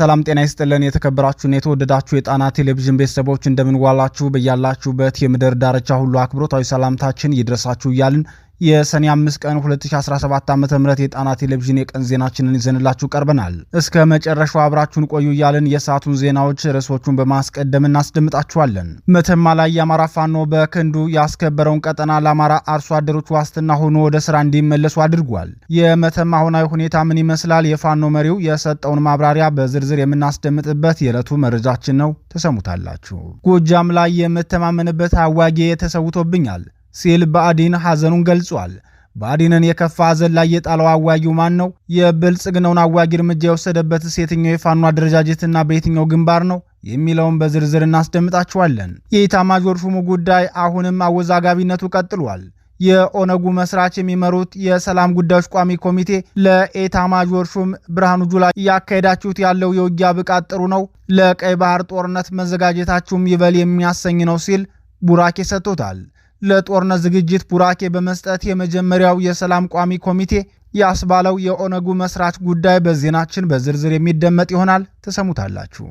ሰላም ጤና ይስጥልን። የተከበራችሁና የተወደዳችሁ የጣና ቴሌቪዥን ቤተሰቦች እንደምንዋላችሁ፣ በያላችሁበት የምድር ዳርቻ ሁሉ አክብሮታዊ ሰላምታችን ይድረሳችሁ እያልን የሰኔ 5 ቀን 2017 ዓ ም የጣና ቴሌቪዥን የቀን ዜናችንን ይዘንላችሁ ቀርበናል። እስከ መጨረሻው አብራችሁን ቆዩ እያልን የሰዓቱን ዜናዎች ርዕሶቹን በማስቀደም እናስደምጣችኋለን። መተማ ላይ የአማራ ፋኖ በክንዱ ያስከበረውን ቀጠና ለአማራ አርሶ አደሮች ዋስትና ሆኖ ወደ ስራ እንዲመለሱ አድርጓል። የመተማ ሆናዊ ሁኔታ ምን ይመስላል? የፋኖ መሪው የሰጠውን ማብራሪያ በዝርዝር የምናስደምጥበት የዕለቱ መረጃችን ነው። ተሰሙታላችሁ። ጎጃም ላይ የምተማመንበት አዋጌ ተሰውቶብኛል ሲል ብአዴን ሐዘኑን ገልጿል። ብአዴንን የከፋ ሐዘን ላይ የጣለው አዋጊው ማን ነው? የብልጽግናውን አዋጊ እርምጃ የወሰደበትስ የትኛው የፋኖ አደረጃጀትና በየትኛው ግንባር ነው የሚለውን በዝርዝር እናስደምጣችኋለን። የኢታማዦር ሹሙ ጉዳይ አሁንም አወዛጋቢነቱ ቀጥሏል። የኦነጉ መስራች የሚመሩት የሰላም ጉዳዮች ቋሚ ኮሚቴ ለኤታማዦር ሹም ብርሃኑ ጁላ እያካሄዳችሁት ያለው የውጊያ ብቃት ጥሩ ነው፣ ለቀይ ባህር ጦርነት መዘጋጀታችሁም ይበል የሚያሰኝ ነው ሲል ቡራኬ ሰጥቶታል። ለጦርነት ዝግጅት ቡራኬ በመስጠት የመጀመሪያው የሰላም ቋሚ ኮሚቴ ያስባለው የኦነጉ መስራች ጉዳይ በዜናችን በዝርዝር የሚደመጥ ይሆናል። ትሰሙታላችሁ።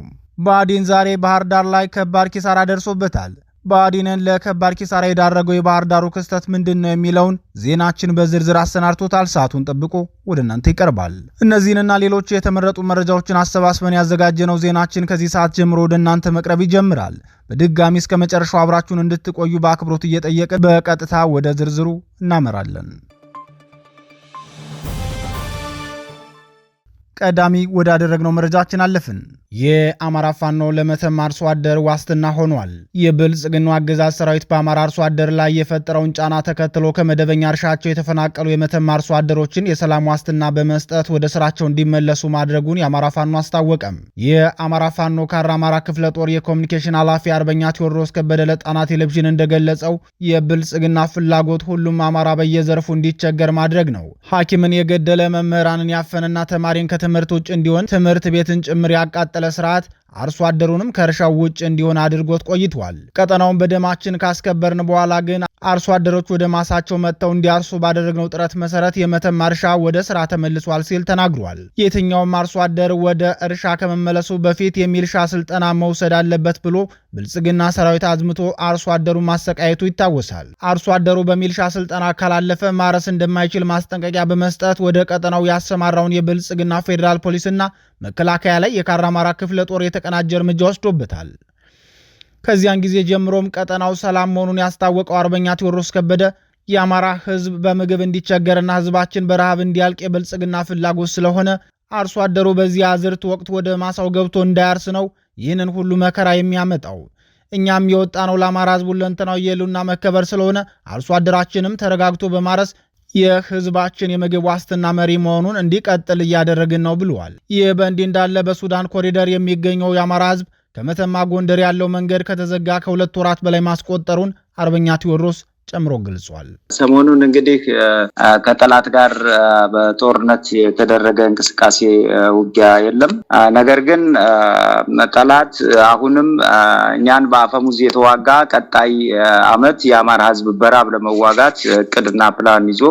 ብአዴን ዛሬ ባህር ዳር ላይ ከባድ ኪሳራ ደርሶበታል። ብአዴንን ለከባድ ኪሳራ የዳረገው የባህር ዳሩ ክስተት ምንድን ነው የሚለውን ዜናችን በዝርዝር አሰናድቶታል። ሰዓቱን ጠብቆ ወደ እናንተ ይቀርባል። እነዚህንና ሌሎች የተመረጡ መረጃዎችን አሰባስበን ያዘጋጀነው ዜናችን ከዚህ ሰዓት ጀምሮ ወደ እናንተ መቅረብ ይጀምራል። በድጋሚ እስከ መጨረሻው አብራችሁን እንድትቆዩ በአክብሮት እየጠየቅን በቀጥታ ወደ ዝርዝሩ እናመራለን። ቀዳሚ ወዳደረግነው መረጃችን አለፍን። የአማራ ፋኖ ለመተማ አርሶ አደር ዋስትና ሆኗል። የብልጽግናው አገዛዝ ሰራዊት በአማራ አርሶ አደር ላይ የፈጠረውን ጫና ተከትሎ ከመደበኛ እርሻቸው የተፈናቀሉ የመተማ አርሶ አደሮችን የሰላም ዋስትና በመስጠት ወደ ስራቸው እንዲመለሱ ማድረጉን የአማራ ፋኖ አስታወቀም። የአማራ ፋኖ ካራ አማራ ክፍለ ጦር የኮሚኒኬሽን ኃላፊ አርበኛ ቴዎድሮስ ከበደ ለጣና ቴሌቪዥን እንደገለጸው የብልጽግና ፍላጎት ሁሉም አማራ በየዘርፉ እንዲቸገር ማድረግ ነው። ሐኪምን የገደለ መምህራንን ያፈነና ተማሪን ከተ ትምህርት ውጭ እንዲሆን ትምህርት ቤትን ጭምር ያቃጠለ ስርዓት አርሶ አደሩንም ከእርሻው ውጭ እንዲሆን አድርጎት ቆይቷል። ቀጠናውን በደማችን ካስከበርን በኋላ ግን አርሶ አደሮች ወደ ማሳቸው መጥተው እንዲያርሱ ባደረግነው ጥረት መሰረት የመተማ እርሻ ወደ ስራ ተመልሷል ሲል ተናግሯል። የትኛውም አርሶ አደር ወደ እርሻ ከመመለሱ በፊት የሚልሻ ስልጠና መውሰድ አለበት ብሎ ብልጽግና ሰራዊት አዝምቶ አርሶ አደሩ ማሰቃየቱ ይታወሳል። አርሶ አደሩ በሚልሻ ስልጠና ካላለፈ ማረስ እንደማይችል ማስጠንቀቂያ በመስጠት ወደ ቀጠናው ያሰማራውን የብልጽግና ፌዴራል ፖሊስና መከላከያ ላይ የካራማራ ክፍለ ጦር የተ የተቀናጀ እርምጃ ወስዶበታል። ከዚያን ጊዜ ጀምሮም ቀጠናው ሰላም መሆኑን ያስታወቀው አርበኛ ቴዎድሮስ ከበደ የአማራ ህዝብ በምግብ እንዲቸገርና ህዝባችን በረሃብ እንዲያልቅ የብልጽግና ፍላጎት ስለሆነ አርሶ አደሩ በዚህ አዝርት ወቅት ወደ ማሳው ገብቶ እንዳያርስ ነው ይህንን ሁሉ መከራ የሚያመጣው። እኛም የወጣ ነው ለአማራ ሕዝቡ ለንተናው የሉና መከበር ስለሆነ አርሶ አደራችንም ተረጋግቶ በማረስ የህዝባችን የምግብ ዋስትና መሪ መሆኑን እንዲቀጥል እያደረግን ነው ብለዋል። ይህ በእንዲህ እንዳለ በሱዳን ኮሪደር የሚገኘው የአማራ ህዝብ ከመተማ ጎንደር ያለው መንገድ ከተዘጋ ከሁለት ወራት በላይ ማስቆጠሩን አርበኛ ቴዎድሮስ ጨምሮ ገልጿል። ሰሞኑን እንግዲህ ከጠላት ጋር በጦርነት የተደረገ እንቅስቃሴ ውጊያ የለም። ነገር ግን ጠላት አሁንም እኛን በአፈሙዝ የተዋጋ ቀጣይ ዓመት የአማራ ሕዝብ በራብ ለመዋጋት እቅድና ፕላን ይዞ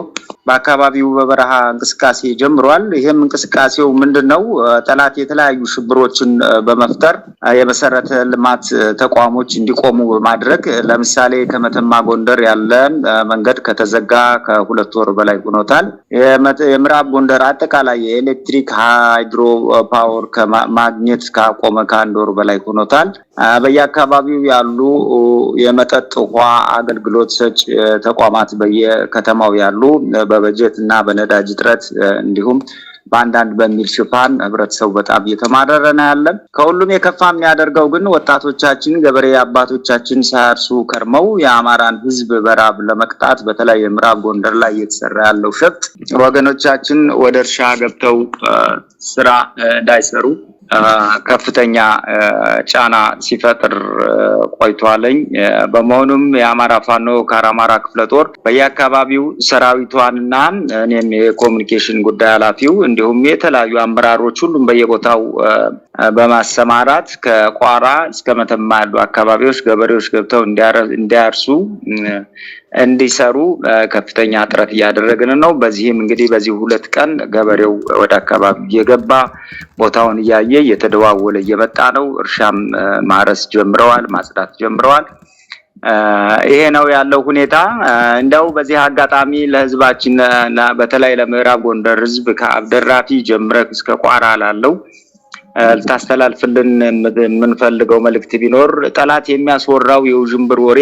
በአካባቢው በበረሃ እንቅስቃሴ ጀምሯል። ይህም እንቅስቃሴው ምንድን ነው? ጠላት የተለያዩ ሽብሮችን በመፍጠር የመሰረተ ልማት ተቋሞች እንዲቆሙ በማድረግ ለምሳሌ ከመተማ ጎንደር ያለ መንገድ ከተዘጋ ከሁለት ወር በላይ ሆኖታል። የምዕራብ ጎንደር አጠቃላይ የኤሌክትሪክ ሃይድሮ ፓወር ማግኘት ካቆመ ከአንድ ወር በላይ ሆኖታል። በየአካባቢው ያሉ የመጠጥ ውሃ አገልግሎት ሰጪ ተቋማት በየከተማው ያሉ በበጀት እና በነዳጅ እጥረት እንዲሁም በአንዳንድ በሚል ሽፋን ህብረተሰቡ በጣም እየተማረረ ነው ያለም። ከሁሉም የከፋ የሚያደርገው ግን ወጣቶቻችን ገበሬ አባቶቻችን ሳያርሱ ከርመው የአማራን ህዝብ በራብ ለመቅጣት በተለይ የምዕራብ ጎንደር ላይ እየተሰራ ያለው ሸፍጥ ወገኖቻችን ወደ እርሻ ገብተው ስራ እንዳይሰሩ ከፍተኛ ጫና ሲፈጥር ቆይቷለኝ። በመሆኑም የአማራ ፋኖ ከአራማራ ክፍለ ጦር በየአካባቢው ሰራዊቷንና እኔም የኮሚኒኬሽን ጉዳይ ኃላፊው እንዲሁም የተለያዩ አመራሮች ሁሉም በየቦታው በማሰማራት ከቋራ እስከ መተማ ያሉ አካባቢዎች ገበሬዎች ገብተው እንዲያርሱ እንዲሰሩ ከፍተኛ ጥረት እያደረግን ነው። በዚህም እንግዲህ በዚህ ሁለት ቀን ገበሬው ወደ አካባቢ እየገባ ቦታውን እያየ እየተደዋወለ እየመጣ ነው። እርሻም ማረስ ጀምረዋል፣ ማጽዳት ጀምረዋል። ይሄ ነው ያለው ሁኔታ። እንደው በዚህ አጋጣሚ ለህዝባችን በተለይ ለምዕራብ ጎንደር ህዝብ ከአብደራፊ ጀምረ እስከ ቋራ ላለው ልታስተላልፍልን የምንፈልገው መልእክት ቢኖር ጠላት የሚያስወራው የውዥንብር ወሬ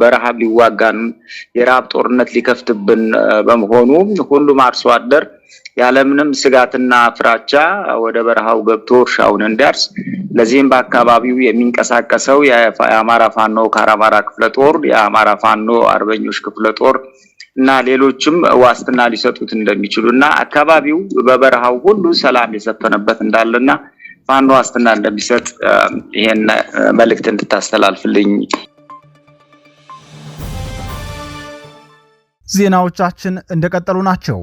በረሃብ ሊዋጋን የረሃብ ጦርነት ሊከፍትብን በመሆኑ ሁሉም አርሶ አደር ያለምንም ስጋትና ፍራቻ ወደ በረሃው ገብቶ እርሻውን እንዲያርስ ለዚህም በአካባቢው የሚንቀሳቀሰው የአማራ ፋኖ ከአራማራ ክፍለ ጦር የአማራ ፋኖ አርበኞች ክፍለ ጦር እና ሌሎችም ዋስትና ሊሰጡት እንደሚችሉ እና አካባቢው በበረሃው ሁሉ ሰላም የሰፈነበት እንዳለና ፋኖ ዋስትና እንደሚሰጥ ይሄን መልእክት እንድታስተላልፍልኝ። ዜናዎቻችን እንደቀጠሉ ናቸው።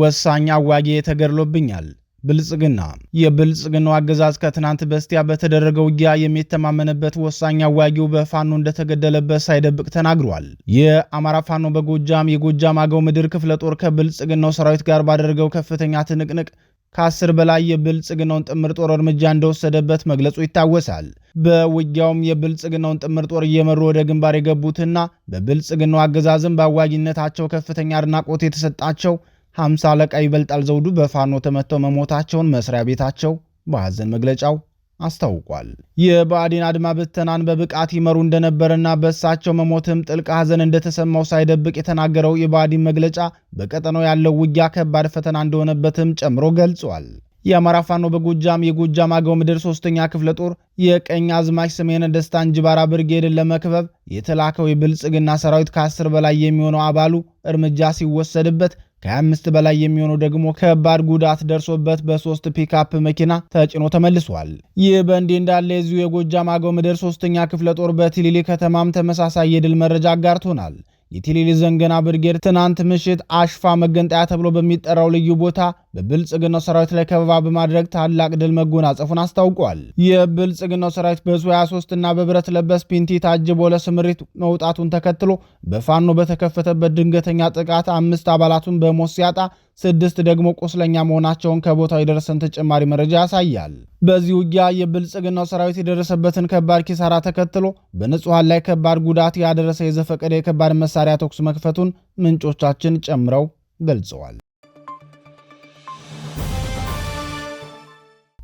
ወሳኝ አዋጊ ተገድሎብኛል። ብልጽግና የብልጽግናው አገዛዝ ከትናንት በስቲያ በተደረገው ውጊያ የሚተማመንበት ወሳኝ አዋጊው በፋኖ እንደተገደለበት ሳይደብቅ ተናግሯል። የአማራ ፋኖ በጎጃም የጎጃም አገው ምድር ክፍለ ጦር ከብልጽግናው ሰራዊት ጋር ባደረገው ከፍተኛ ትንቅንቅ ከአስር በላይ የብልጽግናውን ጥምር ጦር እርምጃ እንደወሰደበት መግለጹ ይታወሳል። በውጊያውም የብልጽግናውን ጥምር ጦር እየመሩ ወደ ግንባር የገቡትና በብልጽግናው አገዛዝም በአዋጊነታቸው ከፍተኛ አድናቆት የተሰጣቸው ሀምሳ አለቃ ይበልጣል ዘውዱ በፋኖ ተመተው መሞታቸውን መስሪያ ቤታቸው በሐዘን መግለጫው አስታውቋል። የብአዴን አድማ ብተናን በብቃት ይመሩ እንደነበረና በእሳቸው መሞትም ጥልቅ ሐዘን እንደተሰማው ሳይደብቅ የተናገረው የብአዴን መግለጫ በቀጠናው ያለው ውጊያ ከባድ ፈተና እንደሆነበትም ጨምሮ ገልጿል። የአማራ ፋኖ በጎጃም የጎጃም አገው ምድር ሶስተኛ ክፍለ ጦር የቀኝ አዝማች ስሜነ ደስታ እንጅባራ ብርጌድን ለመክበብ የተላከው የብልጽግና ሰራዊት ከአስር በላይ የሚሆነው አባሉ እርምጃ ሲወሰድበት ከአምስት በላይ የሚሆነው ደግሞ ከባድ ጉዳት ደርሶበት በሶስት ፒክፕ መኪና ተጭኖ ተመልሷል። ይህ በእንዲህ እንዳለ የዚሁ የጎጃም አገው ምድር ሶስተኛ ክፍለ ጦር በቲሊሊ ከተማም ተመሳሳይ የድል መረጃ አጋርቶናል። የቲሊሊ ዘንገና ብርጌድ ትናንት ምሽት አሽፋ መገንጠያ ተብሎ በሚጠራው ልዩ ቦታ በብልጽግናው ሰራዊት ላይ ከበባ በማድረግ ታላቅ ድል መጎናጸፉን አስታውቋል። የብልጽግናው ሰራዊት በዙ 23 እና በብረት ለበስ ፒንቲ ታጅቦ ለስምሪት መውጣቱን ተከትሎ በፋኖ በተከፈተበት ድንገተኛ ጥቃት አምስት አባላቱን በሞት ሲያጣ ስድስት ደግሞ ቁስለኛ መሆናቸውን ከቦታው የደረሰን ተጨማሪ መረጃ ያሳያል። በዚህ ውጊያ የብልጽግናው ሰራዊት የደረሰበትን ከባድ ኪሳራ ተከትሎ በንጹሐን ላይ ከባድ ጉዳት ያደረሰ የዘፈቀደ የከባድ መሳሪያ ተኩስ መክፈቱን ምንጮቻችን ጨምረው ገልጸዋል።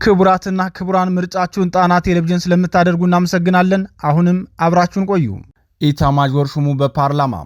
ክቡራትና ክቡራን ምርጫችሁን ጣና ቴሌቪዥን ስለምታደርጉ እናመሰግናለን። አሁንም አብራችሁን ቆዩ። ኢታማዦር ሹሙ በፓርላማ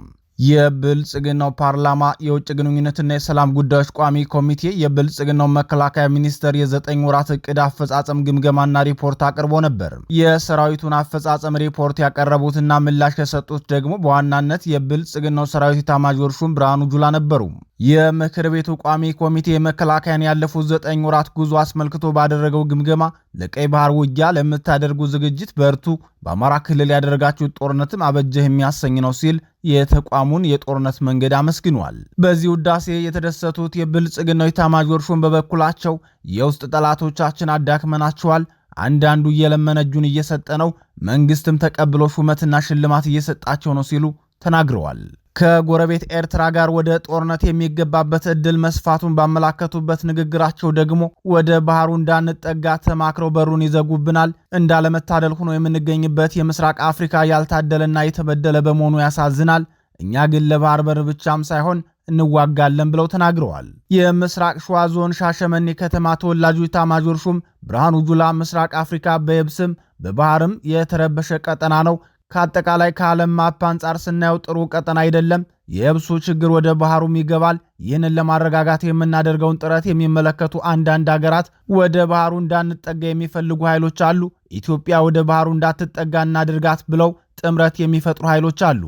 የብልጽግናው ፓርላማ የውጭ ግንኙነትና የሰላም ጉዳዮች ቋሚ ኮሚቴ የብልጽግናው መከላከያ ሚኒስቴር የዘጠኝ ወራት እቅድ አፈጻጸም ግምገማና ሪፖርት አቅርቦ ነበር። የሰራዊቱን አፈጻጸም ሪፖርት ያቀረቡትና ምላሽ የሰጡት ደግሞ በዋናነት የብልጽግናው ሰራዊት ኢታማዦር ሹም ብርሃኑ ጁላ ነበሩ። የምክር ቤቱ ቋሚ ኮሚቴ መከላከያን ያለፉት ዘጠኝ ወራት ጉዞ አስመልክቶ ባደረገው ግምገማ ለቀይ ባህር ውጊያ ለምታደርጉ ዝግጅት በርቱ፣ በአማራ ክልል ያደረጋችሁት ጦርነትም አበጀህ የሚያሰኝ ነው ሲል የተቋሙን የጦርነት መንገድ አመስግኗል። በዚህ ውዳሴ የተደሰቱት የብልጽግናው ኤታማዦር ሹም በበኩላቸው የውስጥ ጠላቶቻችን አዳክመናቸዋል፣ አንዳንዱ እየለመነ እጁን እየሰጠ ነው፣ መንግስትም ተቀብሎ ሹመትና ሽልማት እየሰጣቸው ነው ሲሉ ተናግረዋል። ከጎረቤት ኤርትራ ጋር ወደ ጦርነት የሚገባበት እድል መስፋቱን ባመላከቱበት ንግግራቸው ደግሞ ወደ ባህሩ እንዳንጠጋ ተማክረው በሩን ይዘጉብናል፣ እንዳለመታደል ሆኖ የምንገኝበት የምስራቅ አፍሪካ ያልታደለና የተበደለ በመሆኑ ያሳዝናል። እኛ ግን ለባህር በር ብቻም ሳይሆን እንዋጋለን ብለው ተናግረዋል። የምስራቅ ሸዋ ዞን ሻሸመኔ ከተማ ተወላጁ ኢታማዦር ሹም ብርሃኑ ጁላ ምስራቅ አፍሪካ በየብስም በባህርም የተረበሸ ቀጠና ነው ከአጠቃላይ ከዓለም ማፕ አንጻር ስናየው ጥሩ ቀጠና አይደለም። የብሱ ችግር ወደ ባህሩም ይገባል። ይህንን ለማረጋጋት የምናደርገውን ጥረት የሚመለከቱ አንዳንድ ሀገራት ወደ ባህሩ እንዳንጠጋ የሚፈልጉ ኃይሎች አሉ። ኢትዮጵያ ወደ ባህሩ እንዳትጠጋ እናድርጋት ብለው ጥምረት የሚፈጥሩ ኃይሎች አሉ።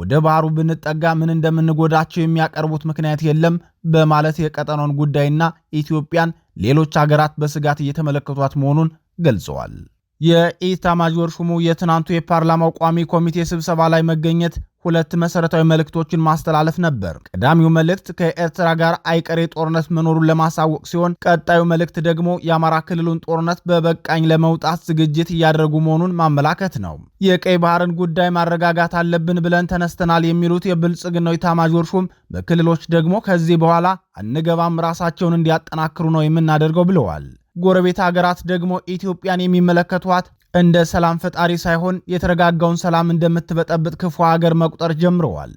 ወደ ባህሩ ብንጠጋ ምን እንደምንጎዳቸው የሚያቀርቡት ምክንያት የለም በማለት የቀጠናውን ጉዳይና ኢትዮጵያን ሌሎች ሀገራት በስጋት እየተመለከቷት መሆኑን ገልጸዋል። የኢታማዦር ሹሙ የትናንቱ የፓርላማው ቋሚ ኮሚቴ ስብሰባ ላይ መገኘት ሁለት መሰረታዊ መልእክቶችን ማስተላለፍ ነበር። ቀዳሚው መልእክት ከኤርትራ ጋር አይቀሬ ጦርነት መኖሩን ለማሳወቅ ሲሆን፣ ቀጣዩ መልእክት ደግሞ የአማራ ክልሉን ጦርነት በበቃኝ ለመውጣት ዝግጅት እያደረጉ መሆኑን ማመላከት ነው። የቀይ ባህርን ጉዳይ ማረጋጋት አለብን ብለን ተነስተናል የሚሉት የብልጽግናው ኢታማዦር ሹም በክልሎች ደግሞ ከዚህ በኋላ አንገባም ራሳቸውን እንዲያጠናክሩ ነው የምናደርገው ብለዋል። ጎረቤት ሀገራት ደግሞ ኢትዮጵያን የሚመለከቷት እንደ ሰላም ፈጣሪ ሳይሆን የተረጋጋውን ሰላም እንደምትበጠብጥ ክፉ ሀገር መቁጠር ጀምረዋል።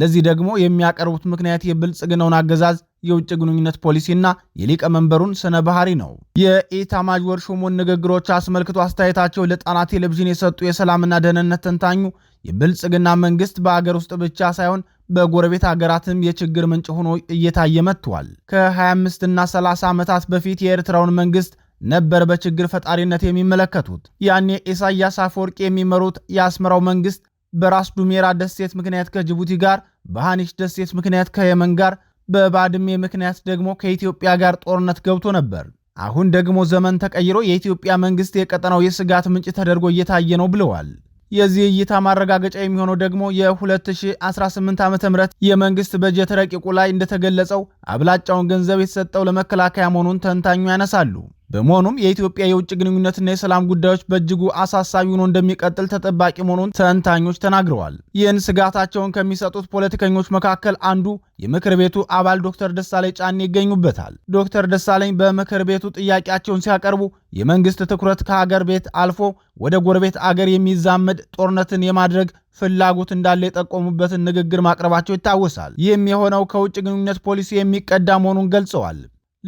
ለዚህ ደግሞ የሚያቀርቡት ምክንያት የብልጽግናውን አገዛዝ የውጭ ግንኙነት ፖሊሲና የሊቀመንበሩን ስነ ባህሪ ነው። የኢታማዦር ሹሙን ንግግሮች አስመልክቶ አስተያየታቸው ለጣና ቴሌቪዥን የሰጡ የሰላምና ደህንነት ተንታኙ የብልጽግና መንግስት በአገር ውስጥ ብቻ ሳይሆን በጎረቤት ሀገራትም የችግር ምንጭ ሆኖ እየታየ መጥቷል። ከ25 እና 30 ዓመታት በፊት የኤርትራውን መንግስት ነበር በችግር ፈጣሪነት የሚመለከቱት። ያኔ ኢሳያስ አፈወርቂ የሚመሩት የአስመራው መንግስት በራስ ዱሜራ ደሴት ምክንያት ከጅቡቲ ጋር፣ በሃኒሽ ደሴት ምክንያት ከየመን ጋር፣ በባድሜ ምክንያት ደግሞ ከኢትዮጵያ ጋር ጦርነት ገብቶ ነበር። አሁን ደግሞ ዘመን ተቀይሮ የኢትዮጵያ መንግስት የቀጠናው የስጋት ምንጭ ተደርጎ እየታየ ነው ብለዋል። የዚህ እይታ ማረጋገጫ የሚሆነው ደግሞ የ2018 ዓ ም የመንግስት በጀት ረቂቁ ላይ እንደተገለጸው አብላጫውን ገንዘብ የተሰጠው ለመከላከያ መሆኑን ተንታኙ ያነሳሉ። በመሆኑም የኢትዮጵያ የውጭ ግንኙነትና የሰላም ጉዳዮች በእጅጉ አሳሳቢ ሆኖ እንደሚቀጥል ተጠባቂ መሆኑን ተንታኞች ተናግረዋል። ይህን ስጋታቸውን ከሚሰጡት ፖለቲከኞች መካከል አንዱ የምክር ቤቱ አባል ዶክተር ደሳለኝ ጫኔ ይገኙበታል። ዶክተር ደሳለኝ በምክር ቤቱ ጥያቄያቸውን ሲያቀርቡ የመንግስት ትኩረት ከሀገር ቤት አልፎ ወደ ጎረቤት አገር የሚዛመድ ጦርነትን የማድረግ ፍላጎት እንዳለ የጠቆሙበትን ንግግር ማቅረባቸው ይታወሳል። ይህም የሆነው ከውጭ ግንኙነት ፖሊሲ የሚቀዳ መሆኑን ገልጸዋል።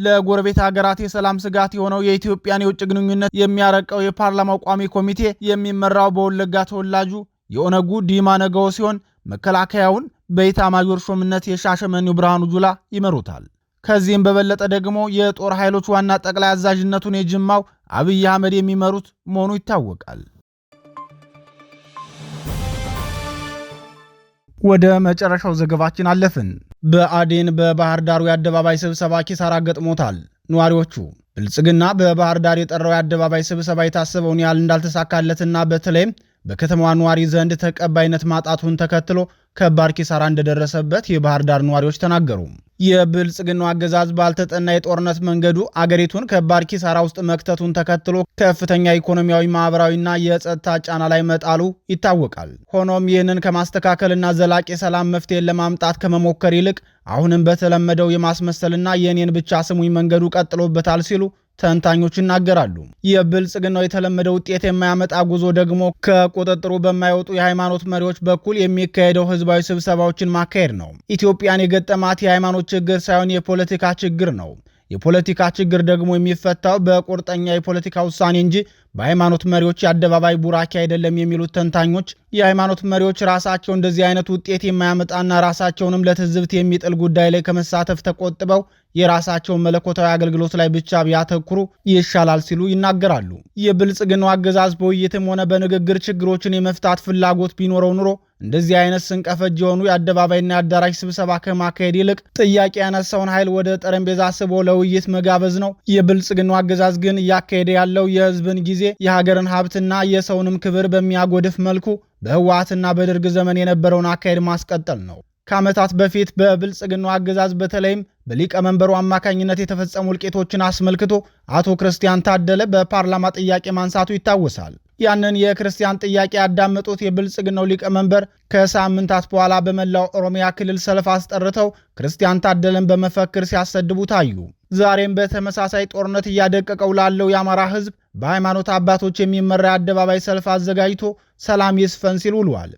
ለጎረቤት ሀገራት የሰላም ስጋት የሆነው የኢትዮጵያን የውጭ ግንኙነት የሚያረቀው የፓርላማው ቋሚ ኮሚቴ የሚመራው በወለጋ ተወላጁ የኦነጉ ዲማ ነገዎ ሲሆን መከላከያውን ሾምነት ሹምነት የሻሸመኔው ብርሃኑ ጁላ ይመሩታል። ከዚህም በበለጠ ደግሞ የጦር ኃይሎች ዋና ጠቅላይ አዛዥነቱን የጅማው አብይ አህመድ የሚመሩት መሆኑ ይታወቃል። ወደ መጨረሻው ዘገባችን አለፍን። በአዴን በባህር ዳሩ የአደባባይ ስብሰባ ኪሳራ ገጥሞታል። ነዋሪዎቹ ብልጽግና በባህር ዳር የጠራው የአደባባይ ስብሰባ የታሰበውን ያህል እንዳልተሳካለትና በተለይም በከተማዋ ነዋሪ ዘንድ ተቀባይነት ማጣቱን ተከትሎ ከባድ ኪሳራ እንደደረሰበት የባህር ዳር ነዋሪዎች ተናገሩ። የብልጽግናው አገዛዝ ባልተጠና የጦርነት መንገዱ አገሪቱን ከባድ ኪሳራ ውስጥ መክተቱን ተከትሎ ከፍተኛ ኢኮኖሚያዊ፣ ማህበራዊና የጸጥታ ጫና ላይ መጣሉ ይታወቃል። ሆኖም ይህንን ከማስተካከልና ዘላቂ ሰላም መፍትሄን ለማምጣት ከመሞከር ይልቅ አሁንም በተለመደው የማስመሰልና የእኔን ብቻ ስሙኝ መንገዱ ቀጥሎበታል ሲሉ ተንታኞች ይናገራሉ። የብልጽግናው የተለመደ ውጤት የማያመጣ ጉዞ ደግሞ ከቁጥጥሩ በማይወጡ የሃይማኖት መሪዎች በኩል የሚካሄደው ህዝባዊ ስብሰባዎችን ማካሄድ ነው። ኢትዮጵያን የገጠማት የሃይማኖት ችግር ሳይሆን የፖለቲካ ችግር ነው። የፖለቲካ ችግር ደግሞ የሚፈታው በቁርጠኛ የፖለቲካ ውሳኔ እንጂ በሃይማኖት መሪዎች የአደባባይ ቡራኪ አይደለም የሚሉት ተንታኞች የሃይማኖት መሪዎች ራሳቸው እንደዚህ አይነት ውጤት የማያመጣና ራሳቸውንም ለትዝብት የሚጥል ጉዳይ ላይ ከመሳተፍ ተቆጥበው የራሳቸውን መለኮታዊ አገልግሎት ላይ ብቻ ቢያተኩሩ ይሻላል ሲሉ ይናገራሉ። የብልጽግናው አገዛዝ በውይይትም ሆነ በንግግር ችግሮችን የመፍታት ፍላጎት ቢኖረው ኑሮ እንደዚህ አይነት ስንቀፈጅ የሆኑ የአደባባይና የአዳራሽ ስብሰባ ከማካሄድ ይልቅ ጥያቄ ያነሳውን ኃይል ወደ ጠረጴዛ ስቦ ለውይይት መጋበዝ ነው። የብልጽግናው አገዛዝ ግን እያካሄደ ያለው የህዝብን ጊዜ የሀገርን ሀብትና የሰውንም ክብር በሚያጎድፍ መልኩ በህወሓትና በደርግ ዘመን የነበረውን አካሄድ ማስቀጠል ነው። ከዓመታት በፊት በብልጽግናው አገዛዝ በተለይም በሊቀመንበሩ አማካኝነት የተፈጸሙ እልቂቶችን አስመልክቶ አቶ ክርስቲያን ታደለ በፓርላማ ጥያቄ ማንሳቱ ይታወሳል። ያንን የክርስቲያን ጥያቄ ያዳመጡት የብልጽግናው ሊቀመንበር ከሳምንታት በኋላ በመላው ኦሮሚያ ክልል ሰልፍ አስጠርተው ክርስቲያን ታደለን በመፈክር ሲያሰድቡ ታዩ። ዛሬም በተመሳሳይ ጦርነት እያደቀቀው ላለው የአማራ ሕዝብ በሃይማኖት አባቶች የሚመራ የአደባባይ ሰልፍ አዘጋጅቶ ሰላም ይስፈን ሲል ውሏል።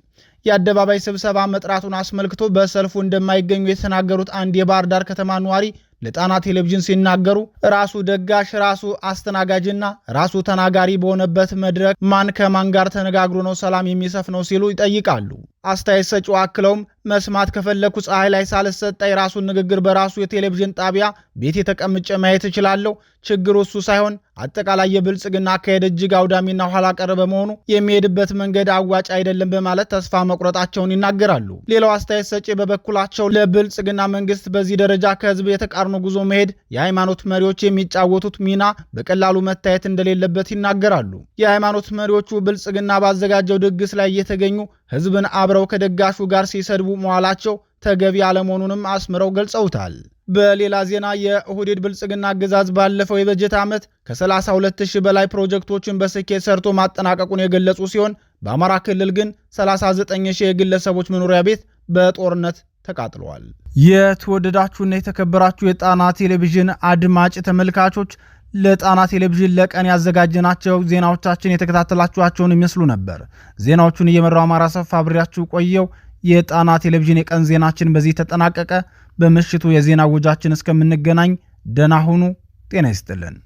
የአደባባይ ስብሰባ መጥራቱን አስመልክቶ በሰልፉ እንደማይገኙ የተናገሩት አንድ የባህር ዳር ከተማ ነዋሪ ለጣና ቴሌቪዥን ሲናገሩ ራሱ ደጋሽ ራሱ አስተናጋጅና ራሱ ተናጋሪ በሆነበት መድረክ ማን ከማን ጋር ተነጋግሮ ነው ሰላም የሚሰፍነው ሲሉ ይጠይቃሉ። አስተያየት ሰጪው አክለውም መስማት ከፈለኩ ፀሐይ ላይ ሳልሰጣ የራሱን ንግግር በራሱ የቴሌቪዥን ጣቢያ ቤት የተቀምጨ ማየት እችላለሁ። ችግሩ እሱ ሳይሆን አጠቃላይ የብልጽግና አካሄድ እጅግ አውዳሚና ኋላ ቀር በመሆኑ የሚሄድበት መንገድ አዋጭ አይደለም በማለት ተስፋ መቁረጣቸውን ይናገራሉ። ሌላው አስተያየት ሰጪ በበኩላቸው ለብልጽግና መንግስት በዚህ ደረጃ ከህዝብ የተቃርኖ ጉዞ መሄድ የሃይማኖት መሪዎች የሚጫወቱት ሚና በቀላሉ መታየት እንደሌለበት ይናገራሉ። የሃይማኖት መሪዎቹ ብልጽግና ባዘጋጀው ድግስ ላይ እየተገኙ ህዝብን አብረው ከደጋሹ ጋር ሲሰድቡ መዋላቸው ተገቢ አለመሆኑንም አስምረው ገልጸውታል። በሌላ ዜና የኦህዴድ ብልጽግና አገዛዝ ባለፈው የበጀት ዓመት ከ32000 በላይ ፕሮጀክቶችን በስኬት ሰርቶ ማጠናቀቁን የገለጹ ሲሆን በአማራ ክልል ግን 39000 የግለሰቦች መኖሪያ ቤት በጦርነት ተቃጥለዋል። የተወደዳችሁና የተከበራችሁ የጣና ቴሌቪዥን አድማጭ ተመልካቾች ለጣና ቴሌቪዥን ለቀን ያዘጋጀናቸው ዜናዎቻችን የተከታተላችኋቸውን ይመስሉ ነበር። ዜናዎቹን እየመራው አማራ ሰፋ አብሬያችሁ ቆየው። የጣና ቴሌቪዥን የቀን ዜናችን በዚህ ተጠናቀቀ። በምሽቱ የዜና ውጃችን እስከምንገናኝ ደህና ሁኑ። ጤና ይስጥልን።